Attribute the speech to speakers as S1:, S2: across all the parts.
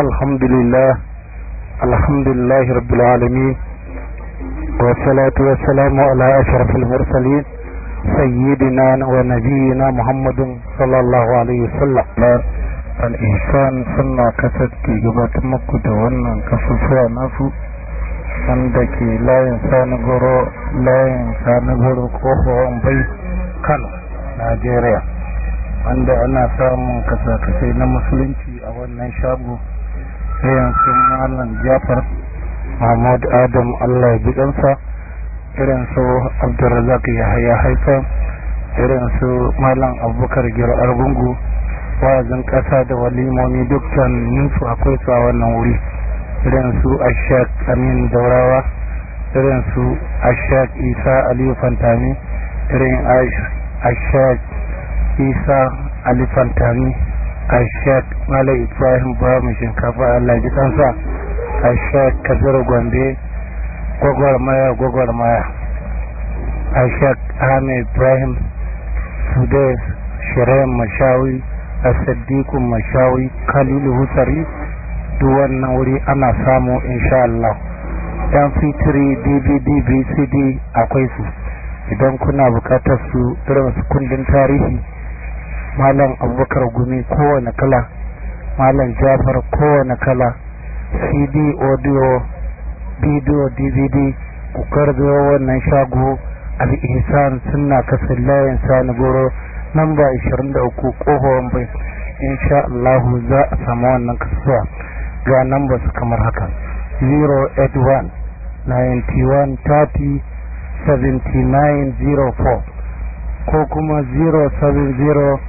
S1: الحمد لله الحمد لله رب العالمين والصلاة والسلام على أشرف المرسلين سيدنا ونبينا محمد صلى الله عليه وسلم الإنسان سنة كسدكي قبات مكد ونن كسفوا نفو عندك لا إنسان غرو لا إنسان غرو كوفو بيت كان نيجيريا عند أنا سامن كسا كسي نمسلنتي أو نشابه irin suna malam jafar mahmud adam allah ya bi ɗansa irin su abdulrazak ya haifa irin su malam abubakar giro argungu wa'azin kasa da walimomi dukkan su akwai su a wannan wuri irin su ashak amin daurawa irin su ashak isa aliyu fantami irin ashak isa aliyu fantami ashek malam ibrahim bamu shinkafa allah ji kansa ashek kasar gombe gwagwarmaya gwagwarmaya ashek ahmed ibrahim sudais shirayen mashawi a saddikun mashawi kalilu husari duk wannan wuri ana samu insha allah dan fitiri dvd bcd akwai su idan kuna bukatar su irin su kundin tarihi malam abubakar gumi kowane kala malam jafar kowane kala cd audio video dvd kukar zuwa wannan shago al'isan suna kasar layin sani goro namba 23 kohon bai insha Allah za a samu wannan kasuwa ga namba su kamar haka 081 91 30 7904 ko kuma 070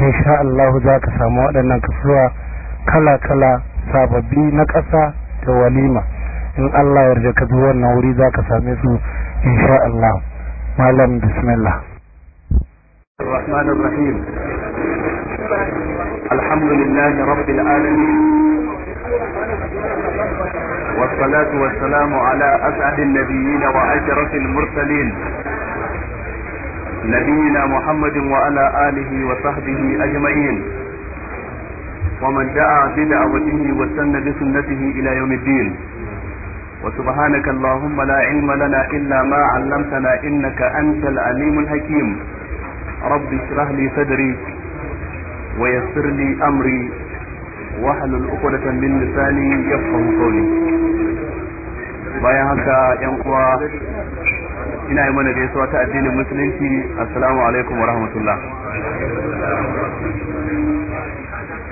S1: insha Allah za ka samu waɗannan kasuwa kala-kala sababbi na ƙasa da walima in Allah yarda ka zo wannan wuri za ka same su insha Allah malam bismillah
S2: الرحمن الرحيم
S3: الحمد لله رب العالمين والصلاة والسلام على أسعد النبيين وأشرف المرسلين نبينا محمد وعلى آله وصحبه أجمعين ومن دعا بدعوته واستنى بسنته إلى يوم الدين وسبحانك اللهم لا علم لنا إلا ما علمتنا إنك أنت العليم الحكيم رب اشرح لي صدري ويسر لي أمري واحلل عقدة من لساني يفقه قولي bayan haka yan uwa ina yi mana gaisuwa ta addinin musulunci assalamu alaikum wa rahmatullah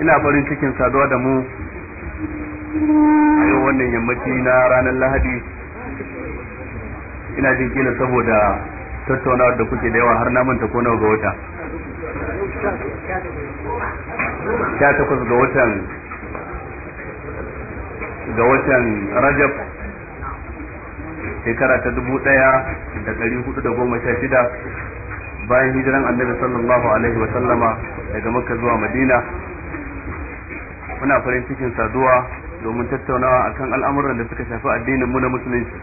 S3: ina farin cikin saduwa da mu a yau wannan yammaci na ranar lahadi ina jin kila saboda tattaunawar da kuke da yawa har na manta ko nawa ga wata
S2: sha takwas
S3: ga ga watan rajab shekara ta dubu ɗaya da ɗari hudu da goma sha shida bayan hijiran annabi sallallahu alaihi wa sallama daga makka zuwa madina muna farin cikin saduwa domin tattaunawa akan al'amuran da suka shafi addinin mu na musulunci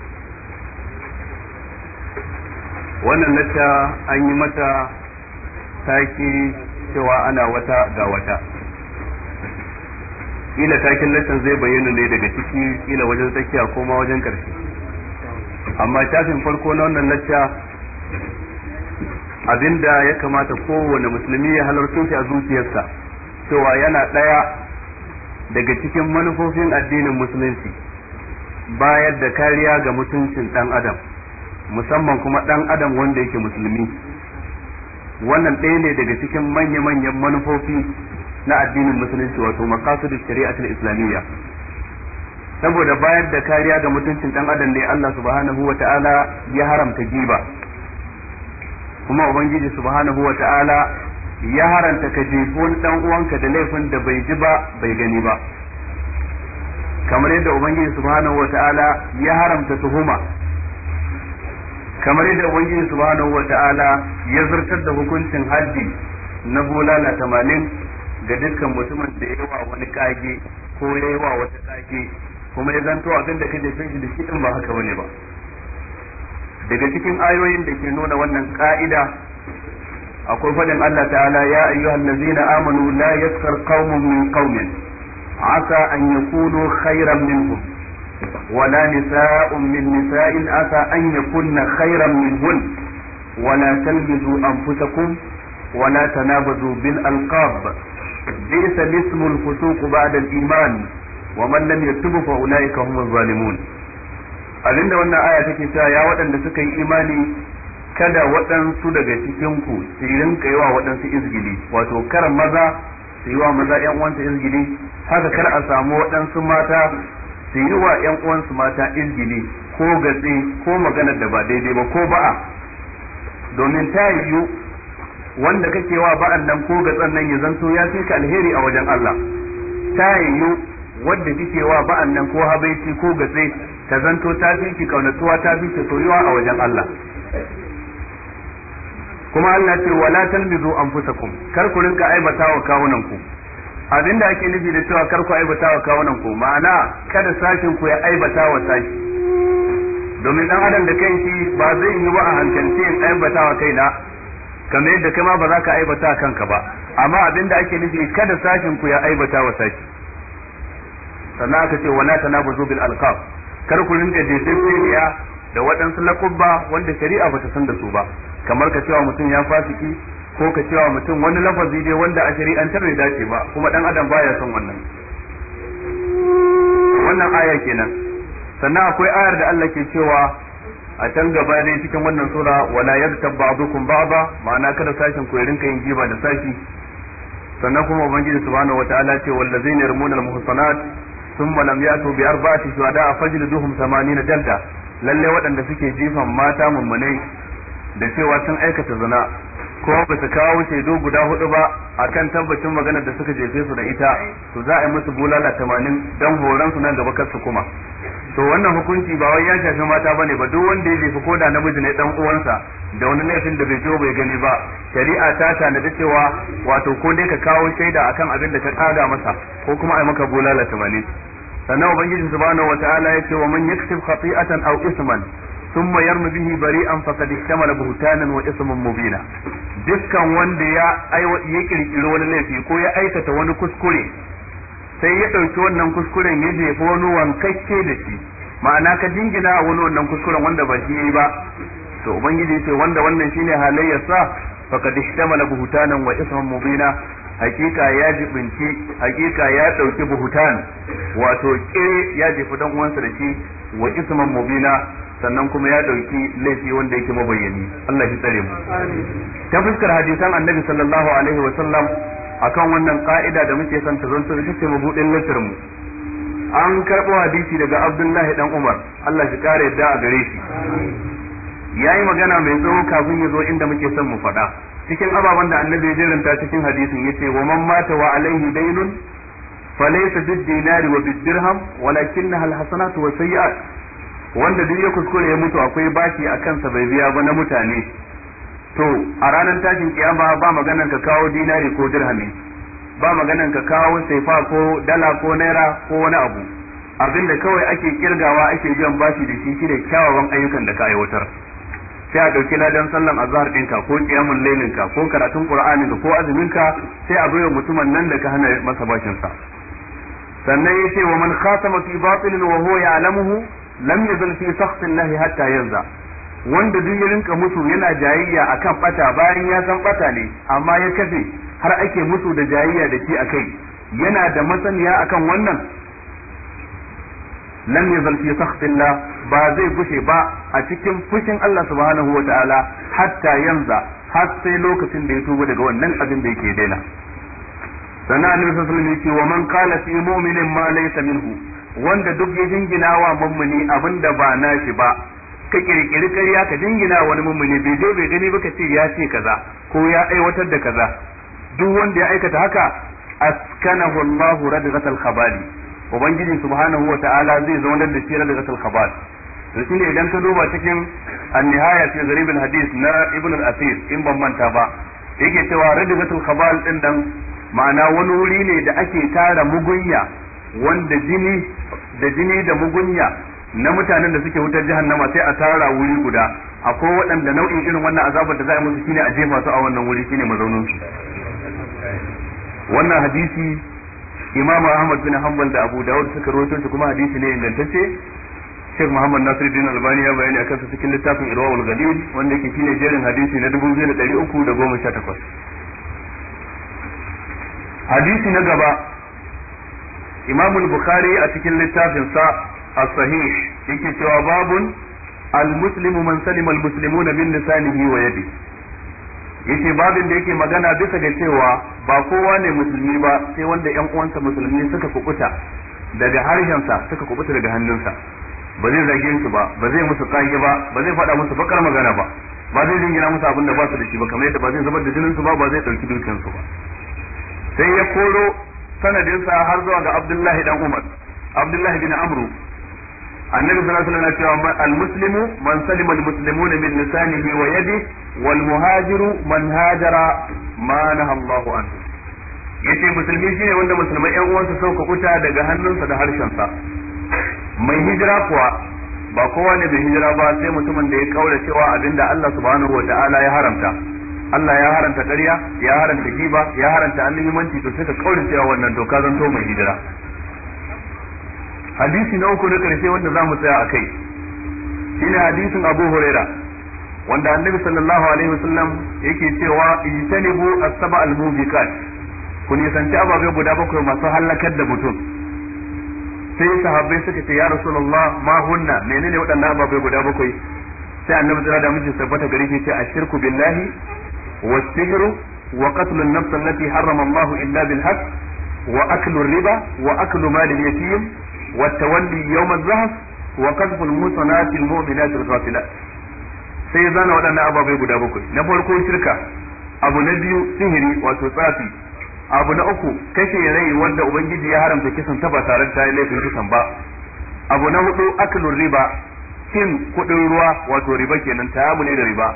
S3: wannan lacca an yi mata taki cewa ana wata ga wata kila takin lattan zai bayyana ne daga ciki kila wajen tsakiya ko ma wajen ƙarshe. amma shafin farko na wannan lacca abinda ya kamata kowane musulmi ya halarto shi a zuciyarsa cewa yana ɗaya daga cikin manufofin addinin musulunci bayar da kariya ga mutuncin ɗan adam musamman kuma ɗan adam wanda yake musulmi wannan ɗaya ne daga cikin manya-manyan manufofi na addinin musulunci wato makasudin shari'atul islamiyya saboda bayar da kariya ga mutuncin dan adam ne Allah subhanahu wa ta'ala ya haramta giba kuma ubangiji subhanahu wa ta'ala ya haramta ka dan uwanka da laifin da bai ji ba bai gani ba kamar yadda ubangiji subhanahu wa ta'ala ya haramta tuhuma kamar yadda ubangiji subhanahu wa ta'ala ya zartar da hukuncin haddi na bulala tamanin ga dukkan mutumin da ya wa wani kage ko ya wa wata kage kuma ya zanto abin da ka jefe shi da shi din ba haka bane ba daga cikin ayoyin da ke nuna wannan ka'ida akwai fadin Allah ta'ala ya ayyuhal ladzina amanu la yaskar qaumun min qaumin asa an yakunu khairan minhum ولا نساء من نساء عسى أن يكن خيرا منهن ولا تلمزوا أنفسكم ولا تنابزوا بالألقاب بئس الاسم الفسوق بعد iman. wa man lam yatubu fa ulaika humuz zalimun abinda wannan aya take cewa ya waɗanda suka yi imani kada waɗansu daga cikin ku su rinka yawa waɗansu izgili wato kar maza su yi maza ƴan uwansu izgili haka kar a samu waɗansu mata su yi wa ƴan uwansu mata izgili ko gatsi ko magana da ba daidai ba ko ba'a domin ta yiwu wanda kake wa ba'an nan ko gatsan nan ya zanto ya fi ka alheri a wajen Allah ta yiwu wadda kike wa ba'an nan ko habaici ko gatse ta zanto ta fi ki kaunatuwa ta fi ki soyuwa a wajen Allah kuma Allah ce wala talmizu anfusakum kar ku rinka aibata wa kawunan ku abinda ake nufi da cewa kar ku aibata wa kawunan ku ma'ana kada sashin ku ya aibata wa sashi domin dan adam da kanki ba zai yi ba a hankalce in aibata wa kaina kamar yadda kai ma ba za ka aibata kanka ba amma abinda ake nufi kada sashin ku ya aibata wa sashi sannan aka ce wala tanabuzu bil alqab kar ku rinka jejjeriya da waɗansu lakubba wanda shari'a bata san da su ba kamar ka cewa mutum ya fasiki ko ka cewa mutum wani lafazi dai wanda a shari'an ta bai dace ba kuma dan adam baya son wannan wannan aya kenan sannan akwai ayar da Allah ke cewa a can gaba dai cikin wannan sura wala yaktab ba'dukum ba'da ma'ana kada sashin ku rinka yin giba da sashi sannan kuma ubangiji subhanahu wataala ce wallazina yarmuna al-muhsanat thumma lam yatu bi arba'ati duhun samani na jalda lallai waɗanda suke jifan mata mummunai da cewa sun aikata zina ko ba su kawo shaidu guda hudu ba a kan tabbacin maganar da suka jefe su da ita to za a yi musu bulala tamanin don horon su nan gaba kar su kuma to wannan hukunci ba wai ya shafi mata ba ne ba duk wanda ya jefi ko da namiji ne dan uwansa da wani laifin da bai jo bai gani ba shari'a ta da cewa wato ko dai ka kawo shaida akan abin da ka kaga masa ko kuma a yi maka bulala tamanin sannan ubangiji subhanahu wataala ya ce wa man yaktub khati'atan aw isman thumma yarmi bihi bari'an faqad ihtamala buhtanan wa isman dukkan wanda ya ya wani laifi ko ya aikata wani kuskure sai ya ɗauki wannan kuskuren ya jefa wani wankakke da shi ma'ana ka jingina wani wannan kuskuren wanda ba shi yi ba to ubangiji ce wanda wannan shine ka faqad ihtamala buhtanan wa isman mubina hakika ya jibinci hakika ya dauki buhutan wato kire ya jefa dan uwansa da shi wa isman mubina sannan kuma ya dauki laifi wanda yake mabayyani Allah ya tsare mu ta fuskar hadisan annabi sallallahu alaihi wa sallam akan wannan ka'ida da muke son ta zanto ita ce mabudin lafiyar mu an karɓo hadisi daga Abdullahi dan Umar Allah shi kare yadda a gare shi yayi magana mai tsawo kafin ya zo inda muke son mu faɗa cikin ababen da annabi ya jiranta cikin hadisin yace wa man mata wa alaihi daynun فليس بالدينار وبالدرهم wa الحسنات والسيئات wanda duk ya kuskure ya mutu akwai baki a kansa bai biya ba na mutane to a ranar tashin kiyama ba maganan ka kawo dinari ko dirhami ba maganan ka kawo saifa ko dala ko naira ko wani abu abin da kawai ake kirgawa ake biyan bashi da shi shine kyawawan ayyukan da ka aiwatar sai a ɗauki ladan sallan azhar ɗinka ko kiyamun lailinka ko karatun qur'aninka ko azuminka sai a baiwa mutumin nan da ka hana masa bashinsa sannan ya ce wa man khatama fi batilin wa huwa ya'lamuhu lam yazal fi lahi, hatta yanza wanda duk ya rinka musu yana jayayya akan bata bayan ya san bata ne amma ya kafe har ake musu da jayayya da shi akai yana da masaniya akan wannan lam yazal fi shakhsillah ba zai gushe ba a cikin fushin Allah subhanahu wataala hatta yanza har sai lokacin da ya tuba daga wannan abin da yake daina sannan annabi sallallahu alaihi wasallam yake wa man qala fi mu'minin ma laysa minhu wanda duk ya jingina wa mummuni abin da ba nashi ba ka kirkiri ƙarya ka jingina wani mummuni bai je bai gani ba ka ce ya ce kaza ko ya aiwatar da kaza duk wanda ya aikata haka askanahu Allahu radghatal khabali ubangiji subhanahu wa ta'ala zai zaunar da shi radghatal khabali to shine idan ka duba cikin annihaya nihaya fi zaribil hadith na ibn al-asir in ban manta ba yake cewa radghatul khabal din dan ma'ana wani wuri ne da ake tara mugunya wanda jini da jini da mugunya na mutanen da suke wutar jahannama sai a tara wuri guda akwai waɗanda nau'in irin wannan azabar da za a musu shine a jefa su a wannan wuri shine mazaunin su wannan hadisi Imam Ahmad bin Hanbal da Abu Dawud suka rawaito shi kuma hadisi ne ingantacce Sheikh Muhammad Nasiruddin Albani ya bayani akan su cikin littafin Irwaul Ghalil wanda yake shine jerin hadisi na 2318 hadisi na gaba imam al-bukhari a cikin littafin sa as-sahih yake cewa babun al-muslimu man salima al-muslimuna min lisanihi wa yadihi babin da yake magana bisa ga cewa ba kowa ne musulmi ba sai wanda yan uwansa musulmi suka kubuta daga harshensa suka kubuta daga hannunsa ba zai zage su ba ba zai musu kage ba ba zai faɗa musu bakar magana ba ba zai jingina musu abin da ba su da shi ba kamar yadda ba zai zubar da jinin su ba ba zai ɗauki dukiyar su ba sai ya koro sanadinsa har zuwa ga Abdullahi dan Umar Abdullahi bin Amru annabi sallallahu alaihi wasallam cewa almuslimu man salima almuslimuna min lisanihi wa yadihi wal muhajiru man hajara ma naha Allahu anhu yace musulmi shine wanda musulmai yan uwansa sauka kuta daga hannunsa da harshensa mai hijira kuwa ba kowa ne bai hijira ba sai mutumin da ya kaura cewa abinda Allah subhanahu wa ta'ala ya haramta Allah ya haranta ƙarya ya haranta giba ya haranta annabimanci to sai ka kaura cewa wannan doka zan to mai hijira hadisi na uku na karshe wanda za mu tsaya a kai shine hadisin Abu Huraira wanda annabi sallallahu alaihi wasallam yake cewa ijtanibu as-saba al-mubiqat ku nisanci ababe guda bakwai masu halakar da mutum sai sahabbai suka ce ya rasulullah ma hunna menene waɗannan ababe guda bakwai sai annabi tsira da miji sabbata gari ke ce ashirku billahi والسحر وقتل النفس التي حرم الله إلا بالحق وأكل الربا وأكل مال اليتيم والتولي يوم الزهف وقذف المحصنات المؤمنات الغافلات sai ya zana waɗannan ababai guda bakwai na farko shirka abu na biyu sihiri wato tsafi abu na uku kashe rai wanda ubangiji ya haramta kisan ta ba tare da laifin kisan ba abu na hudu akalun riba cin kuɗin ruwa wato riba kenan ta ne da riba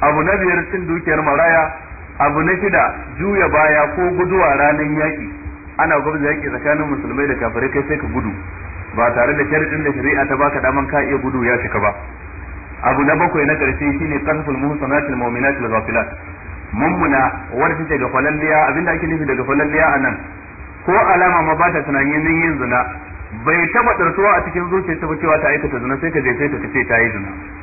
S3: abu na biyar cin dukiyar maraya abu na shida juya baya ko guduwa ranan yaƙi ana gwamnati yaƙi tsakanin musulmai da kafirai kai sai ka gudu ba tare da ɗin da shari'a ta baka daman ka iya gudu ya cika ba abu na bakwai na ƙarshe shine qasful muhsanatil mu'minatil ghafilat mummuna wanda take ga falalliya abinda ake nufi daga falalliya anan ko alama ma ba ta tunanin yin zina bai taba tsartuwa a cikin zuciyarta ba cewa ta aikata zina sai ka je sai ka ce ta yi zina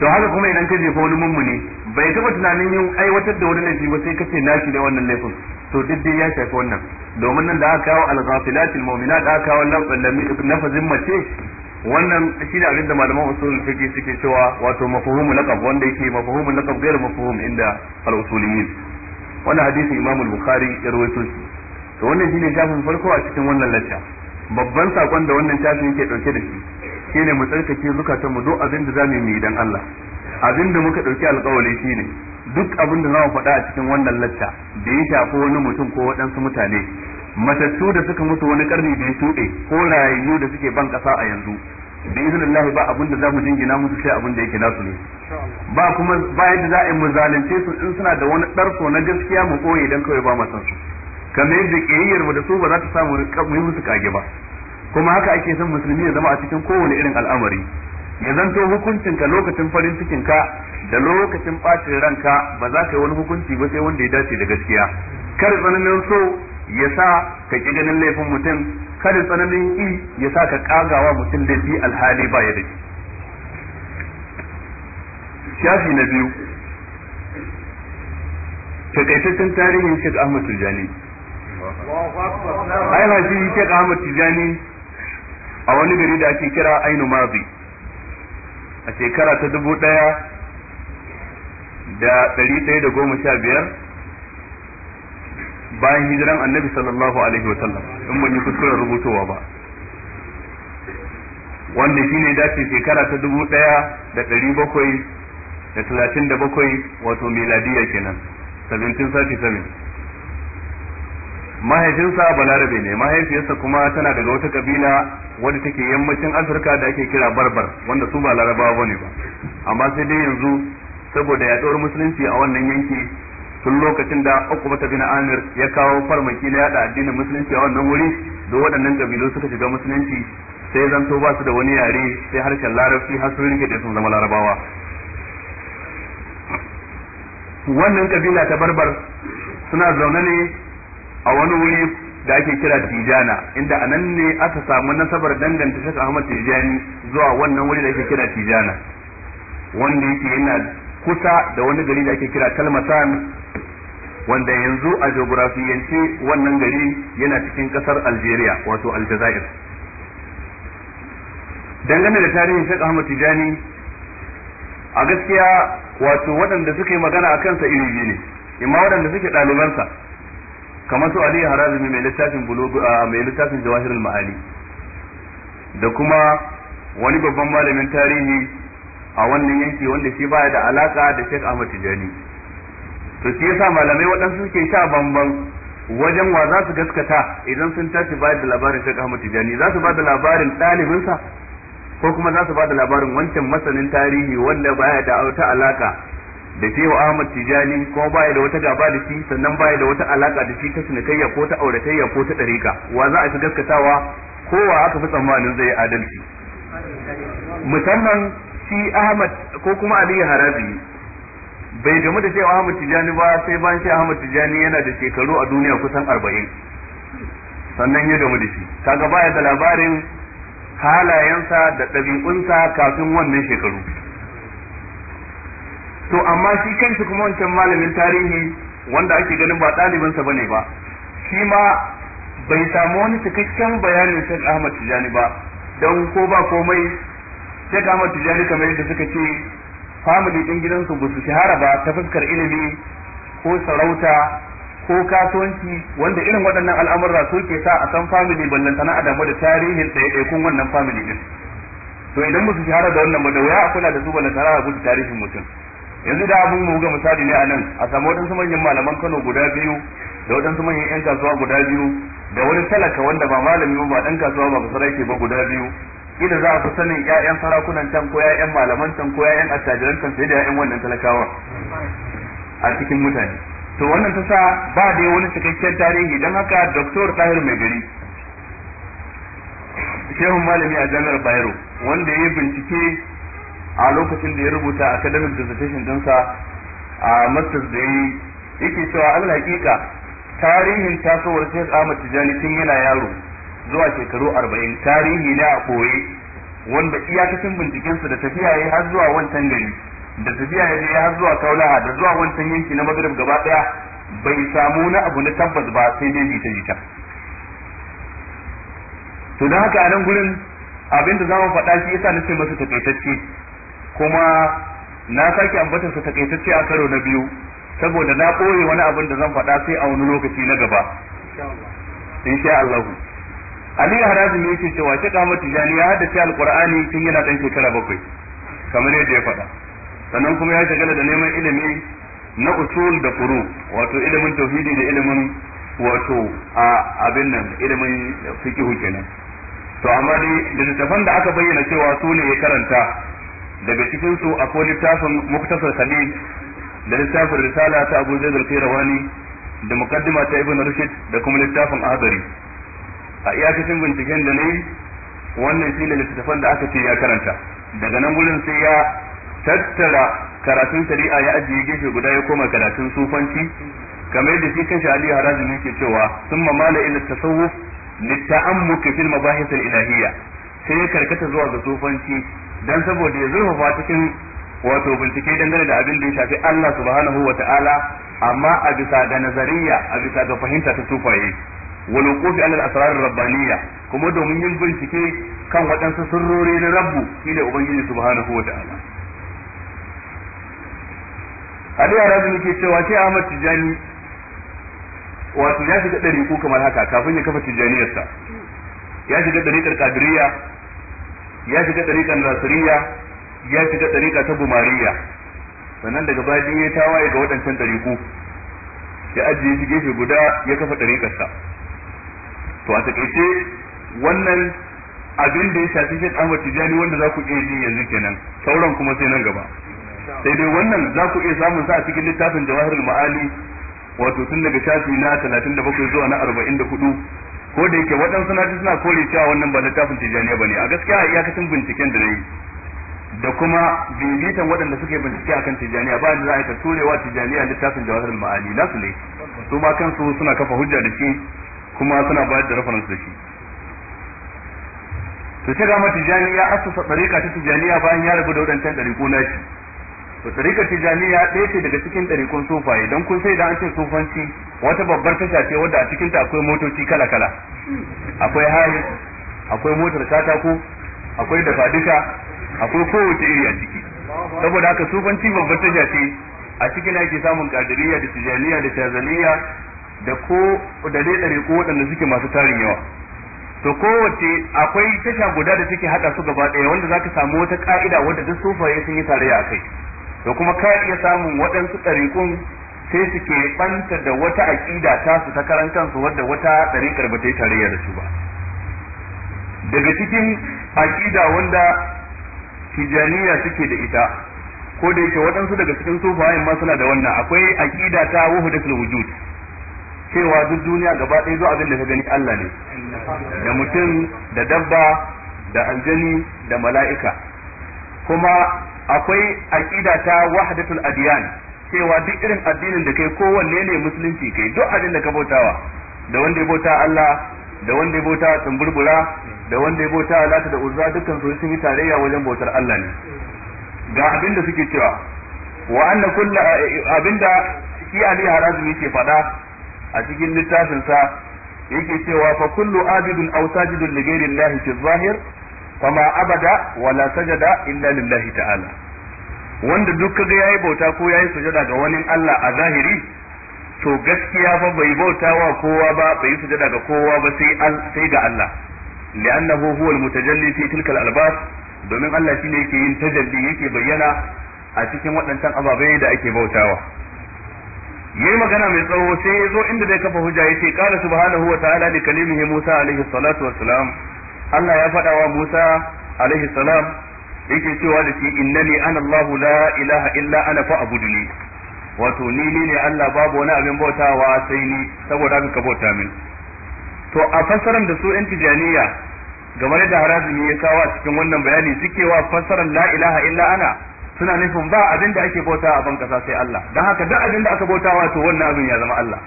S3: to haka kuma idan ka je ko wani mummuni bai taba tunanin yin aiwatar da wani laifi ba sai ka kace nashi da wannan laifin to duk dai ya shafi wannan domin nan da aka kawo al-ghafilatil mu'minat aka kawo lafazin mace wannan shi abin da malaman usul fiqh suke cewa wato mafhumul laqab wanda yake mafhumul laqab gair mafhum inda al-usuliyin wannan hadisi Imam al-Bukhari ya rawaito shi to wannan shine shafin farko a cikin wannan lacca babban sakon da wannan shafin yake dauke da shi shine mu tsarkake zukatan mu duk abin da zamu yi dan Allah abin da muka dauki alƙawari shine duk abin da zamu faɗa a cikin wannan lacca da ya shafi wani mutum ko waɗansu mutane matattu da suka mutu wani karni da ya tuɗe ko rayu da suke ban ƙasa a yanzu da izinin ba abin da za mu jingina musu sai abin da yake nasu ne ba kuma bayan da za a yi mu zalunce su in suna da wani ɗarso na gaskiya mu koye dan kawai ba mu san su kamar yadda ƙiyayyar mu da su ba za ta samu mu yi musu kage ba kuma haka ake son musulmi ya zama a cikin kowane irin al'amari ya zanto hukuncin ka lokacin farin cikin ka da lokacin ɓacin ranka ba za ka yi wani hukunci ba sai wanda ya dace da gaskiya kar tsananin so ya sa ka ki ganin laifin mutum kar tsananin i ya sa ka wa mutum laifi alhali ba ya dace shafi na biyu takaitaccen tarihin shek Ahmad Tijani
S2: ai hadisi
S3: Ahmad Tijani a wani gari da ake kira ainu mazi a shekara ta dubu ɗaya da dari ɗaya da goma sha biyar bayan hijiran annabi sallallahu alaihi wasallam in ban yi kuskuren rubutowa ba wanda shi ne dace shekara ta dubu ɗaya da dari bakwai da talatin da bakwai wato miladiya kenan 1737 mahaifinsa balarabe ne mahaifiyarsa kuma tana daga wata kabila wadda take yammacin afirka da ake kira barbar wanda su ba larabawa bane ba amma sai dai yanzu saboda yaɗuwar musulunci a wannan yanki tun lokacin da uku ta bin amir ya kawo farmaki na yada addinin musulunci a wannan wuri da waɗannan kabilu suka shiga musulunci sai zanto ba su da wani yare sai harshen larabci har sun rike da sun zama larabawa wannan kabila ta barbar suna zaune ne a wani wuri da ake kira tijana inda a nan ne aka samu nasabar danganta shaka ahmad tijani zuwa wannan wuri da ake kira tijana wanda yake yana kusa da wani gari da ake kira kalmatan wanda yanzu a geografiyance wannan gari yana cikin kasar algeria wato aljazair dangane da tarihin shaka ahmad tijani a gaskiya wato waɗanda suka yi magana a kansa iri ne imma waɗanda suke ɗalibansa kamar su Ali Harazimi mai littafin bulugu mai littafin Jawahirul Ma'ani da kuma wani babban malamin tarihi a wannan yanki wanda shi baya da alaka da Sheikh Ahmad Tijani to shi yasa malamai waɗansu suke sha bamban wajen wa za su gaskata idan sun tashi bayar da labarin Sheikh Ahmad Tijani za su ba da labarin ɗalibinsa ko kuma za su ba da labarin wancan masanin tarihi wanda baya da wata alaka da wa ahmad tijani ko baya da wata gaba da shi sannan baya da wata alaka da shi ta sinikayya ko ta auratayya ko ta ɗarika wa za a fi gaskatawa kowa aka fi tsammanin zai adalci musamman shi ahmad ko kuma aliyu harabi bai gamu da cewa ahmad tijani ba sai bayan shi ahmad tijani yana da shekaru a duniya kusan arba'in sannan ya gamu da shi kaga baya da labarin halayensa da ɗabi'unsa kafin wannan shekaru to amma shi kansa kuma wancan malamin tarihi wanda ake ganin ba ɗalibinsa bane ba shi ma bai samu wani cikakken bayanin sai Ahmad Tijani ba don ko ba komai sai Ahmad Tijani kamar yadda suka ce family din gidansu ba su shahara ba ta fuskar ilimi ko sarauta ko kasuwanci wanda irin waɗannan al'amurra su ke sa a san family ballantana a damu da tarihin ɗaiɗaikun wannan family din to idan ba su shahara da wannan ba da wuya a da su ballantana a gudu tarihin mutum yanzu da abun mu ga misali ne a nan a samu wadansu manyan malaman Kano guda biyu da wadansu manyan 'yan kasuwa guda biyu da wani talaka wanda ba malami ba ɗan kasuwa ba ba yake ba guda biyu kila za a fi sanin 'ya'yan sarakunan can ko 'ya'yan malaman can ko 'ya'yan attajiran can fiye da 'ya'yan wannan talakawa a cikin mutane to wannan ta sa ba da wani cikakken tarihi don haka doktor tahir mai gari shehun malami a jami'ar bayero wanda ya yi bincike a lokacin da ya rubuta a academic dissertation dinsa a masters da yi yake cewa an hakika tarihin tasowar Sheikh Ahmad Tijani tun yana yaro zuwa shekaru arba'in tarihi ne a koye wanda iyakacin bincikensa da tafiya ya har zuwa wancan gari da tafiya ya har zuwa kaulaha da zuwa wancan yanki na Maghrib gaba daya bai samu na abu na tabbas ba sai dai jita jita to don haka a nan gurin abinda za mu faɗa shi yasa nake masa takaitacce kuma na sake ambata su takaitacce a karo na biyu saboda na ɓoye wani abin da zan faɗa sai a wani lokaci na gaba insha Allah Ali ne yake cewa shi kama tijani ya haddace alqur'ani tun yana dan shekara bakwai kamar yadda ya faɗa sannan kuma ya shagala da neman ilimi na usul da furu wato ilimin tauhidi da ilimin wato a abin nan ilimin fiqh kenan to amma dai littattafan da aka bayyana cewa su ne ya karanta daga cikin su akwai littafin muktasar khalil da littafin risala ta abu zaid al rawani da muqaddima ta ibn rushd da kuma littafin ahdari a iyakacin binciken da nayi wannan shine littafin da aka ce ya karanta daga nan gurin sai ya tattara karatun shari'a ya ajiye gefe guda ya koma karatun sufanci kamar yadda shi kan Ali ne ke cewa sun mamala ila tasawuf litta'ammuki fil mabahis al-ilahiyya sai ya karkata zuwa ga sufanci dan saboda ya zurfafa cikin wato bincike dangane da abin da ya shafi Allah subhanahu wa ta'ala amma a bisa da nazariya a bisa ga fahimta ta sufaye wani kofi ala al-asrar rabbaniyya kuma domin yin bincike kan waɗansu sirrori na rabbu shine ubangiji subhanahu wa ta'ala Aliya Rabi ke cewa sai Ahmad Tijani wato ya shiga ɗari ko kamar haka kafin ya kafa tijaniyarsa ya shiga ɗariƙar kadiriya ya shiga ɗariƙar nasiriya ya shiga ɗariƙa ta bumariya sannan daga baya ya tawaye ga waɗancan ɗariƙu ya ajiye shi gefe guda ya kafa ɗariƙarsa to a taƙaice wannan abin da ya shafi shi Ahmad Tijani wanda za ku iya jin yanzu kenan sauran kuma sai nan gaba sai dai wannan za ku iya samun sa a cikin littafin Jawahirul Ma'ali wato tun daga shafi na 37 zuwa na 44 ko da yake waɗansu na suna kore cewa wannan ba littafin tijaniya ba ne a gaskiya iyakacin binciken da na yi da kuma bibitan waɗanda suke bincike akan tijaniya ba da za a turewa tijaniya littafin jawahar ma'ani su ne su ma kansu suna kafa hujja da shi kuma suna bayar da reference da shi to sai ga ma tijaniya asasa tsarika ta tijaniya bayan ya rabu da waɗancan ɗariƙo na shi to tarika tijaniya ɗaya ce daga cikin ɗarikun sufaye don kun sai da an ce sufanci wata babbar tasha ce wadda a cikin ta akwai motoci kala kala akwai hayi akwai motar katako akwai dafa duka akwai kowace iri a ciki saboda haka sufanci babbar tasha ce a cikin ake samun kadiriya da tijaniya da tazaniya da ko da dai ɗariko waɗanda suke masu tarin yawa to kowace akwai tasha guda da take haɗa su gaba ɗaya wanda zaka samu wata ka'ida wadda duk sufaye sun yi tarayya a kai Da kuma ka iya samun waɗansu ɗariƙun sai su ke ɓanta da wata aƙida ta su ta karan kansu wadda wata ɗariƙar ba ta yi tarayya da su ba daga cikin aƙida wanda tijaniya suke da ita ko da yake waɗansu daga cikin sufayen ma suna da wannan akwai aƙida ta da wujud cewa duk duniya gaba ɗaya zuwa abin da ka gani Allah ne da mutum da dabba da aljani da mala'ika kuma akwai aqida ta wahdatul adiyan cewa duk irin addinin da kai kowanne ne musulunci kai duk addinin da ka bautawa da wanda ya bauta Allah da wanda ya bauta tumburbura da wanda ya bauta lata da uzza dukkan su sun yi tarayya wajen bautar Allah ne ga abin da suke cewa wa anna kullu abinda shi Ali Harazmi yake faɗa a cikin littafin sa yake cewa fa kullu abidun aw sajidun li ghayri Allah fi zahir Kwama abada wala sajada illa lillahi ta'ala wanda duk kaga yayi bauta ko yayi sujada ga wani Allah a zahiri to gaskiya fa bai bauta wa kowa ba bai sujada ga kowa ba sai sai ga Allah li'annahu huwa al-mutajalli fi tilka al-albas domin Allah shine yake yin tajalli yake bayyana a cikin waɗancan ababai da ake bautawa yayi magana mai tsawo sai yazo inda zai kafa hujja yace qala subhanahu wa ta'ala li kalimihi Musa alayhi salatu wassalam Allah ya faɗa wa Musa alaihi salam yake cewa da shi innani ana Allahu la ilaha illa ana fa'buduni wato ni ni ne Allah babu wani abin bautawa sai ni saboda haka ka bauta min to a fassarar da su yan tijaniya game da harazumi ya kawo a cikin wannan bayani suke wa fassarar la ilaha illa ana suna nufin ba abin da ake bauta a ban sai Allah dan haka duk abin da aka bautawa to wannan abin ya zama Allah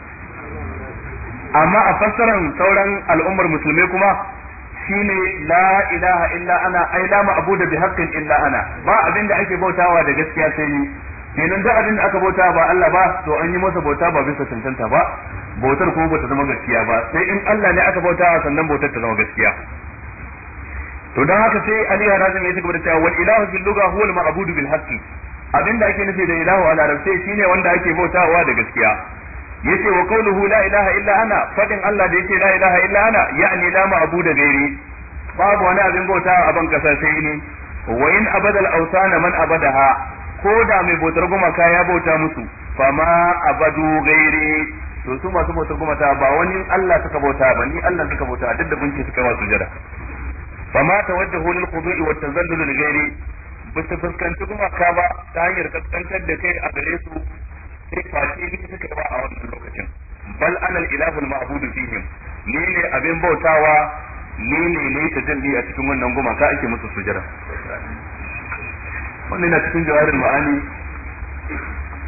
S3: amma a fassaran sauran al'ummar musulmai kuma shine la ilaha illa ana ai la ma'budu bi haqqin illa ana ba abin da ake bautawa da gaskiya sai ni kenan duk abin da aka bauta ba Allah ba to an yi masa bauta ba bisa tantanta ba bautar kuma bata zama gaskiya ba sai in Allah ne aka bautawa sannan bautar ta zama gaskiya to dan haka sai Ali Harazim ya tabbata cewa wal ilahu fil lugha huwa al ma'budu bil haqqi abin da ake nufi da ilahu a larabce shine wanda ake bautawa da gaskiya yace wa qawluhu la ilaha illa ana fadin Allah da yace la ilaha illa ana ya'ni la ma'budu ghairi babu wani abin bauta a ban kasa sai ni wa in abadal awsana man abadaha ko da mai bautar gumaka ya bauta musu fama abadu ghairi to su masu bautar gumaka ba wani Allah suka bauta ba ni Allah suka bauta duk da bunki suka masu jira fama tawajjahu lil qudu'i wat tazallul ghairi ba su fuskanci gumaka ba ta hanyar kaskantar da kai a gare su sai kwace ni suka yi ba a wannan lokacin bal anal ilahul ma'budu fihim ni ne abin bautawa ni ne ne ta jalli a cikin wannan ka ake musu sujada wannan na cikin jawarin ma'ani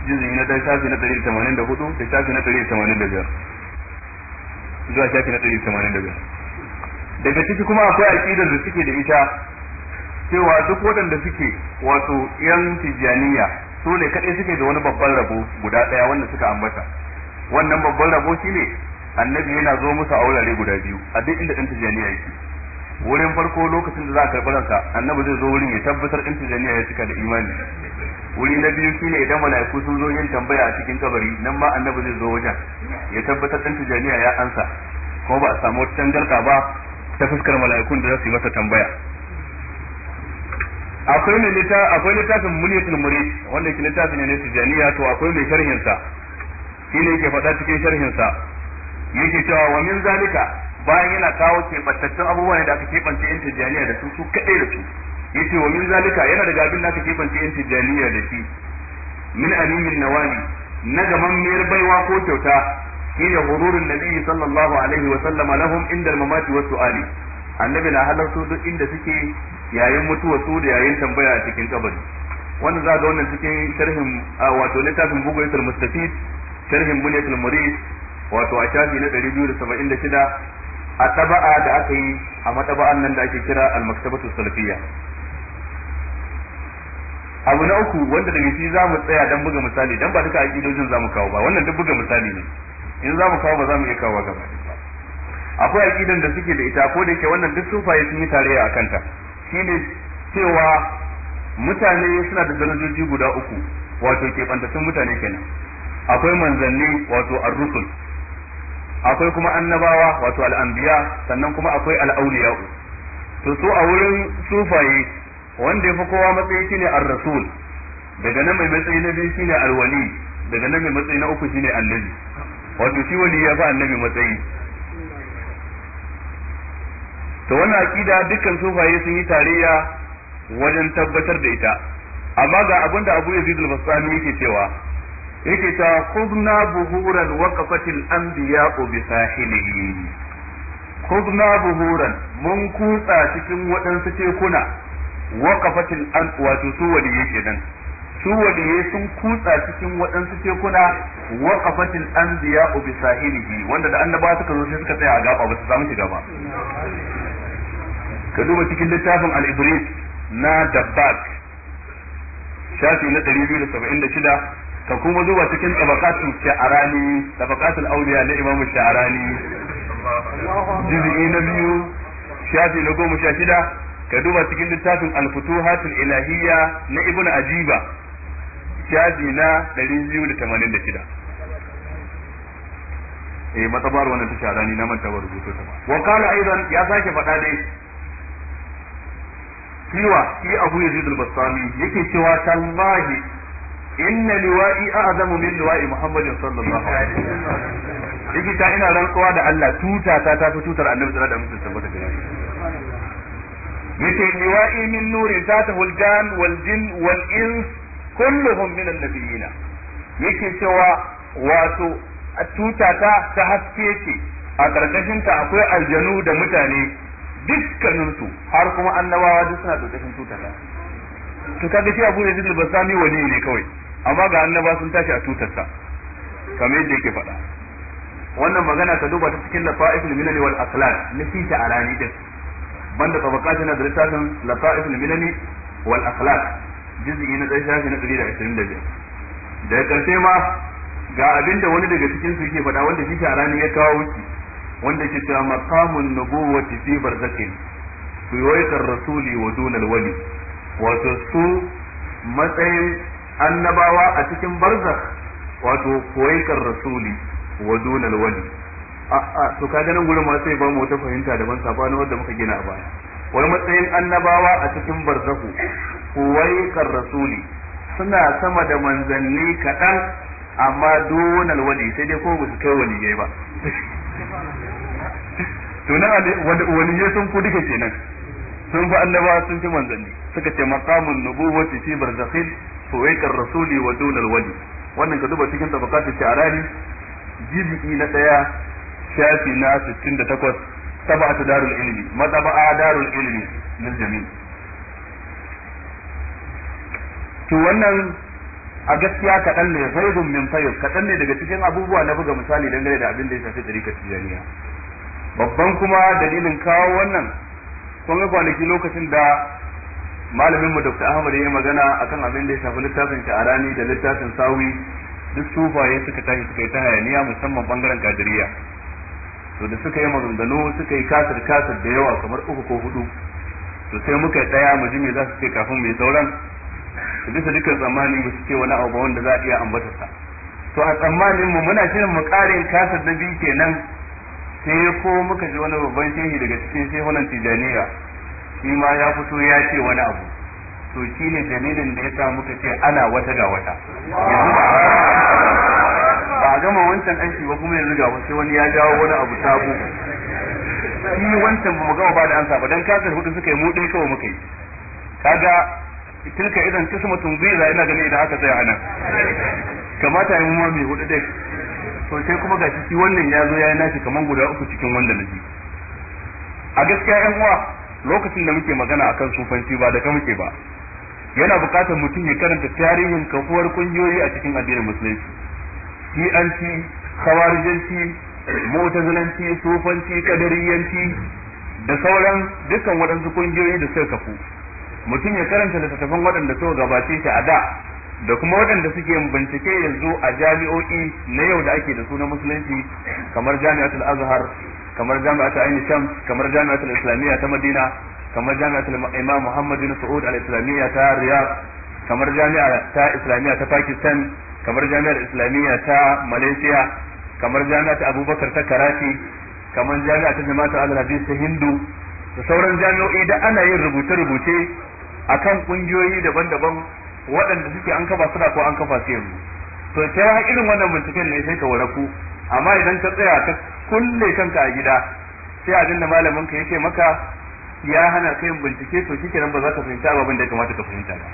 S3: juz'i na dan shafi na 184 da shafi na 185 zuwa shafi na 185 daga ciki kuma akwai aqidar da suke da ita cewa duk waɗanda suke wato yan tijaniya su ne kaɗai suke da wani babban rabo guda ɗaya wanda suka ambata wannan babban rabo shi ne annabi yana zo musu a wurare guda biyu a duk inda ɗan tijaniya yake wurin farko lokacin da za a karɓi ranka annabi zai zo wurin ya tabbatar ɗan tijaniya ya cika da imani wuri na biyu shi ne idan mala'iku sun zo yin tambaya a cikin kabari nan ma annabi zai zo wajen ya tabbatar ɗan tijaniya ya ansa kuma ba a samu wata tangarɗa ba ta fuskar mala'ikun da za su yi masa tambaya akwai ne lita akwai littafin muniyatul murid wanda littafin ne tijaniya to akwai mai sharhinsa. sa shi ne yake faɗa cikin sharhin sa yake cewa wa min zalika bayan yana kawo keɓantaccen abubuwa ne da aka keɓance yan tijaniya da su su kaɗai da su yace wa min zalika yana daga abin da aka keɓance yan tijaniya da shi min alimin nawali na gaban mayar baiwa ko kyauta Shi shine hururin nabi sallallahu alaihi wa sallama lahum inda al-mamati wa annabi na halarto duk inda suke yayin mutuwa su da yayin tambaya a cikin kabari wanda za ga wannan cikin sharhin wato littafin bugayatul mustafid sharhin bunyatul murid wato a shafi na 276 a taba'a da aka yi a mataba'an nan da ake kira al-maktabatu salafiyya abu na uku wanda daga shi za mu tsaya dan buga misali dan ba duka aqidojin za mu kawo ba wannan duk buga misali ne in za mu kawo ba za mu iya kawo gaba akwai aqidan da suke da ita ko da yake wannan duk sufaye sun yi tarayya a kanta shine cewa mutane suna da darajoji guda uku wato keɓantattun mutane kenan akwai manzanni wato ar-rusul akwai kuma annabawa wato al'anbiya sannan kuma akwai al'auliya to su a wurin sufaye wanda ya fi kowa matsayi shine ar-rasul daga nan mai matsayi na biyu shine al-wali daga nan mai matsayi na uku shine annabi wato shi wali ya fi annabi matsayi to wannan aqida dukkan sufaye sun yi tarayya wajen tabbatar da ita amma ga abinda da Abu Yazid al-Bastami yake cewa yake ta khudna buhuran waqafatil anbiya bi sahilihi khudna buhuran mun kutsa cikin waɗansu tekuna waqafatil an wato su waliye kenan su waliye sun kutsa cikin waɗansu tekuna waqafatil anbiya bi sahilihi wanda da annaba suka zo sai suka tsaya a gaba ba su samu shiga ba ka duba cikin littafin al-ibris na dabbak shafi na 276 ka kuma duba cikin tabaqatul sha'rani tabaqatul awliya na imam sha'rani juz'i na biyu shafi na goma sha shida ka duba cikin littafin al-futuhatul ilahiyya na ibnu ajiba shafi na 286 eh matsabar wannan ta sha'rani na manta ba rubutu ta ba wa qala aidan ya sake faɗa dai cewa shi abu ya zidul bastami yake cewa tallahi inna liwa'i a'zamu min liwa'i muhammadin sallallahu alaihi wasallam yake ta ina rantsuwa da Allah tuta ta tafi tutar annabi sallallahu alaihi wasallam da gari yace liwa'i min nurin tatahul jan wal jin wal ins kulluhum min an-nabiyina yake cewa wato tuta ta ta haske ce a karkashin ta akwai aljanu da mutane dukkaninsu har kuma annabawa duk suna tuta ta to kaga shi Abu Yazid al basami wali ne kawai amma ga annaba sun tashi a tutar sa kamar yadda yake faɗa wannan magana ka duba ta cikin lafa'iful minani wal aqlal na shi ta alani din banda tabaqatin da littafin lafa'iful minani wal aqlal juz'i na tsaye shafi na 125 da karshe ma ga abinda wani daga cikin su yake faɗa wanda shi ta alani ya kawo shi wanda ke cewa maqamun nubuwati fi barzakin riwayatar rasuli wa dunal wali wato su matsayin annabawa a cikin barzak wato kuwaikar rasuli wa dunal wali a'a to kaga nan gurin ma sai ba mu wata fahimta daban sabanin wanda muka gina a baya wai matsayin annabawa a cikin barzaku kuwaikar rasuli suna sama da manzanni kaɗan amma dunal wali sai dai ko ba su kai waliyai ba to na ne sun ku duka kenan sun fi annaba sun fi manzanni suka ce maqamun nubuwwati fi barzakhil suwaikar rasuli wa dunal wali wannan ka duba cikin tabakatu sharari jibi na daya shafi na 68 tabatu darul ilmi mataba'a darul ilmi lil jami' to wannan a gaskiya kaɗan ne zaidun min kaɗan ne daga cikin abubuwa na buga misali dangane da abin da ya shafi tsarikar tijaniya babban kuma dalilin kawo wannan kun ga kwanaki lokacin da malamin mu Dr. Ahmad ya magana akan abin da ya shafi littafin Sha'arani da littafin Sawi duk sufaye suka tashi suka yi ta hayaniya musamman bangaren Kadiriyya to da suka yi maganganu suka yi kasar kasar da yawa kamar uku ko hudu to sai muka yi daya mu ji me za su ce kafin mai sauran to bisa dukkan tsammani ba su wani abu wanda za a iya ambata sa to a tsammanin mu muna shirin mu karin kasar na biyu kenan sai ko muka ji wani babban shehi daga cikin shehunan tijaniya shi ma ya fito ya ce wani abu to shi ne dalilin da ya sa muka ce ana wata ga wata ba a gama wancan aiki ba kuma yanzu ga wasu wani ya jawo wani abu sabu shi wancan ba mu gama ba da ansa ba don kasar hudu suka yi mu kawai muka yi kaga tilka idan kisma zira ina gani idan aka tsaya anan kamata yi mu mai hudu dai to sai kuma ga ciki wannan ya zo ya yi nashi kamar guda uku cikin wanda na ji a gaskiya yan uwa lokacin da muke magana akan sufanci ba da ka muke ba yana buƙatar mutum ya karanta tarihin kafuwar kungiyoyi a cikin addinin musulunci shi'anci khawarijanci mu'tazilanci sufanci kadariyanci da sauran dukkan waɗansu kungiyoyi da suka kafu mutum ya karanta littattafan waɗanda suka gabace shi a da da kuma waɗanda suke bincike yanzu a jami'o'i na yau da ake da su na musulunci kamar jami'atul azhar kamar jami'atul ayni sham kamar jami'atul islamiyya ta madina kamar jami'atul imam muhammad bin saud al islamiyya ta riyadh kamar jami'a ta islamiyya ta pakistan kamar jami'ar islamiyya ta malaysia kamar jami'a ta abubakar ta karachi kamar jami'a ta jama'atul al hadith ta hindu da sauran jami'o'i da ana yin rubuce-rubuce akan kungiyoyi daban-daban waɗanda suke an kafa suna ko an kafa su yanzu to sai irin wannan binciken ne sai ka waraku amma idan ka tsaya ta kulle kanka a gida sai abin da malamin ka yake maka ya hana ka yin bincike to nan ba za ka fahimta abin da ya kamata ka fahimta ba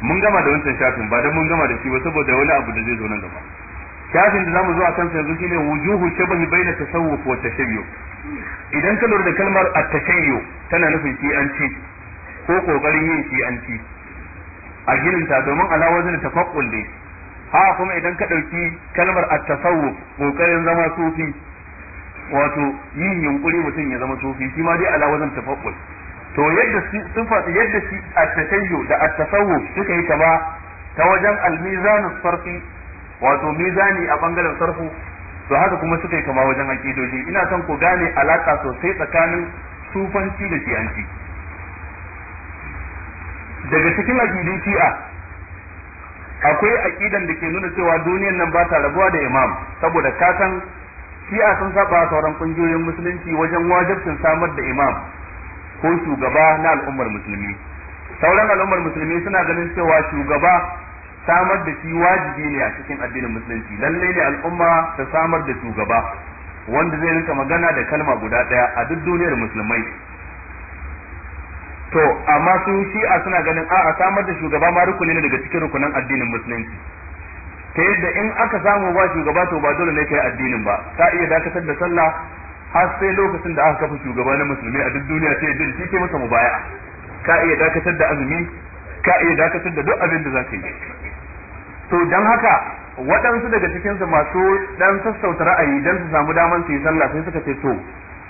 S3: mun gama da wancan shafin ba dan mun gama da shi ba saboda wani abu da zai zo nan gaba shafin da zamu zo a kansa yanzu shine wujuhu shabahi baina tasawuf wa tashayyu idan ka lura da kalmar at-tashayyu tana nufin ki an ci ko kokarin yin ki an ci a gininta domin alawazin ta ne ha kuma idan ka ɗauki kalmar at-tasawuf kokarin zama sufi wato yin yunkuri mutum ya zama sufi shi ma dai alawazin tafakkul to yadda sifa yadda shi at da at suka yi kama ta wajen al-mizan sarfi wato mizani a bangaren sarfu to haka kuma suka yi kama wajen aqidoji ina son ko gane alaƙa sosai tsakanin sufanci da shi'anci daga cikin aqidin shi'a akwai aqidan da ke nuna cewa duniyar nan ba ta rabuwa da imam saboda kasan shi'a sun saba sauran kungiyoyin musulunci wajen wajibcin samar da imam ko shugaba na al'ummar musulmi sauran al'ummar musulmi suna ganin cewa shugaba samar da shi wajibi ne a cikin addinin musulunci lallai ne al'umma ta samar da shugaba wanda zai rinka magana da kalma guda daya a duk duniyar musulmai to amma su shi'a suna ganin a'a samar da shugaba ma rukuni ne daga cikin rukunan addinin musulunci ta yadda in aka samu ba shugaba to ba dole ne ka yi addinin ba ka iya dakatar da sallah har sai lokacin da aka kafa shugaba na musulmi a duk duniya sai jin shi ke masa baya, ka iya dakatar da azumi ka iya dakatar da duk abin da za ka yi to dan haka waɗansu daga cikinsu masu dan sassauta ra'ayi dan su samu damar su yi sallah sai suka ce to